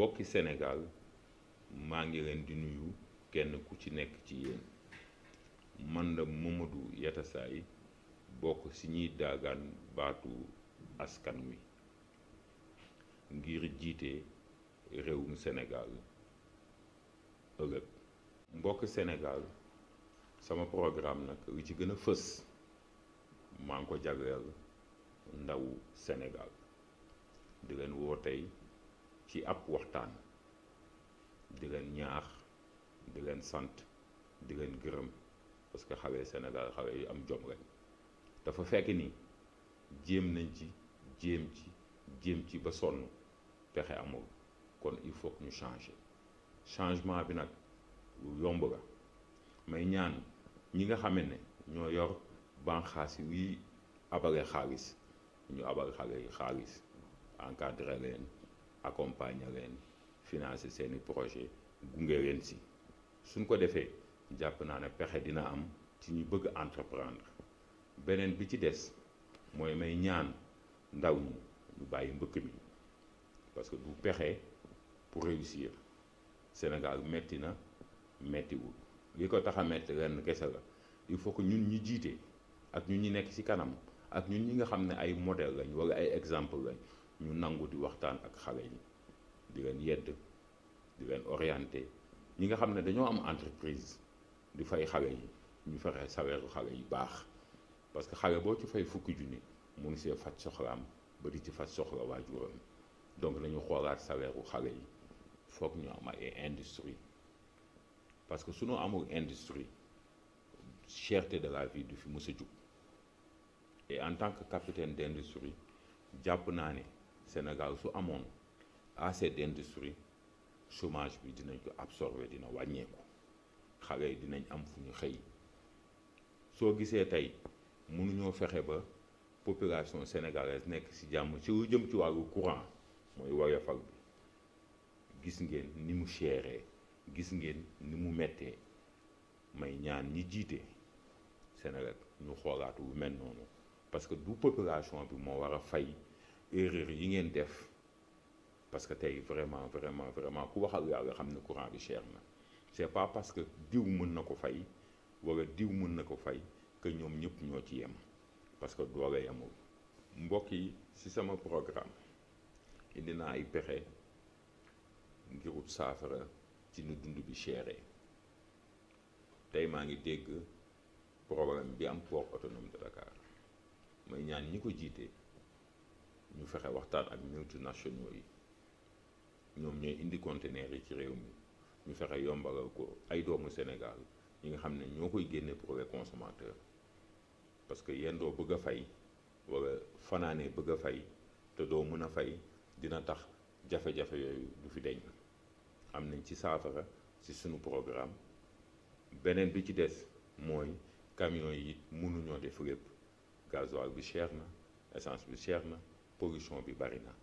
mbokki Sénégal maa ngi leen di nuyu kenn ku ci nekk ci yéen man la Mamadou Yatassay bokk ci ñuy daagaan baatu askan wi ngir jiite réewum Sénégal ëllëg mbokk Sénégal sama programme nag li ci gën a fës maa ngi ko jagleel ndawu Sénégal di leen woo tey ci ab waxtaan di leen ñaax di leen sant di leen gërëm parce que xawee Sénégal xawee yu am jom rek dafa fekk ni jéem nañ ci jéem ci jéem ci ba sonn pexe amul kon il faut que ñu changer changement bi nag lu yomb la may ñaan ñi nga xame ne ñoo yor banxaas yi abale xaalis ñu abal xale yi xaalis encadré leen accompagner leen financer seeni projet gunge leen si suñ ko defee jàpp naa ne pexe dina am ci ñu bëgg entreprendre beneen bi ci des mooy may ñaan ndaw ñi ñu bàyyi mbëkk mi parce que du pexe pour réussir Sénégal metti na mettiwul li ko tax a metti lenn kese la il faut que ñun ñi jiite ak ñu ñi nekk ci kanam ak ñun ñi nga xam ne ay modèle lañ walla ay exemple lañ ñu nangu di waxtaan ak xale yi di yedd di leen orienté ñi nga xam ne dañoo am entreprise di fay xale yi ñu fexe salaire xale yu baax parce que xale boo ci fay fukki junni ngi see faj soxlaam ba di ci faj soxla waajuram donc nañu xoolaat salaire u xale yi foog ñu am ay industrie parce que suñu amul industrie cherté de la vie du fi mës a jug en tant que capitaine d'industrie jàpp naa ne Sénégal su amoon assez d'industrie chômage bi dinañ ko absorber dina wàññeeku xale yi dinañ am fu ñu xëy soo gisee tey mënuñoo fexe ba population sénégalaise nekk ci jàmm ci lu jëm ci courant mooy woyofal bi gis ngeen ni mu chéree gis ngeen ni mu mettee may ñaan ñi jiite Sénégal ñu xoolaat lu mel noonu parce que du population bi moo war a fay erreur yi ngeen def parce que tey vraiment vraiment vraiment ku wax ak yàlla xam ne courant bi cher na c'est pas parce que diw mën na ko fay wala diw mën na ko fay que ñoom ñëpp ñoo ci yem parce que doole yemul mbokk yi ci sama programme indi naa ay pexe ngir saafara ci nu dund bi chéré tey maa ngi dégg problème bi am port autonome de Dakar may ñaan ñi ko jiite. ñu fexe waxtaan ak multinationaux yi ñoom ñooy indi conteneurs yi ci réew mi ñu fexe yombalal ko ay doomu Sénégal ñi nga xam ne ñoo koy génne pour les consommateurs parce que yéen doo bëgg a fay wala fanaanee bëgg a fay te doo mën a fay dina tax jafe-jafe yooyu du fi deñ am nañ ci saafara ci suñu programme beneen bi ci des mooy camions yi mënuñoo def lépp gasoil bi cher na essence bi cher na. pollution bi bari na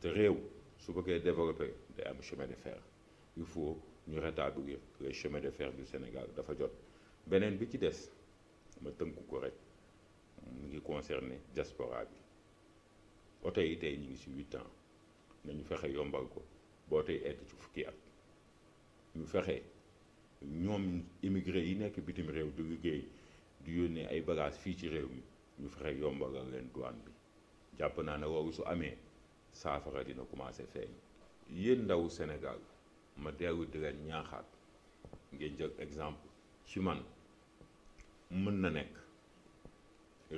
te réew su bëggee développer day am chemin de fer il faut ñu rétablir les chemins de fer du Sénégal dafa jot beneen bi ci des ma tënku ko rek mu ngi concerné diaspora bi oto yi tey ñu ngi ci huit ans nañu fexe yombal ko boo tey egg ci fukki at ñu fexe ñoom immigré yi nekk bitim réew di liggéey di yónnee ay bagages fii ci réew mi ñu fexe a leen douane bi jàpp naa ne woowu su amee saafara dina commencé feeñ yéen ndaw Sénégal ma dellu di leen ñaaxaat ngeen jël exemple ci man mën na nekk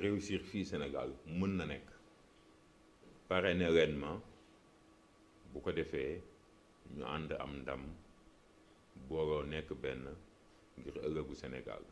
réussir fii Sénégal mën na nekk parrainé leen ma bu ko defee ñu ànd am ndam booloo nekk benn ngir ëllëgu Sénégal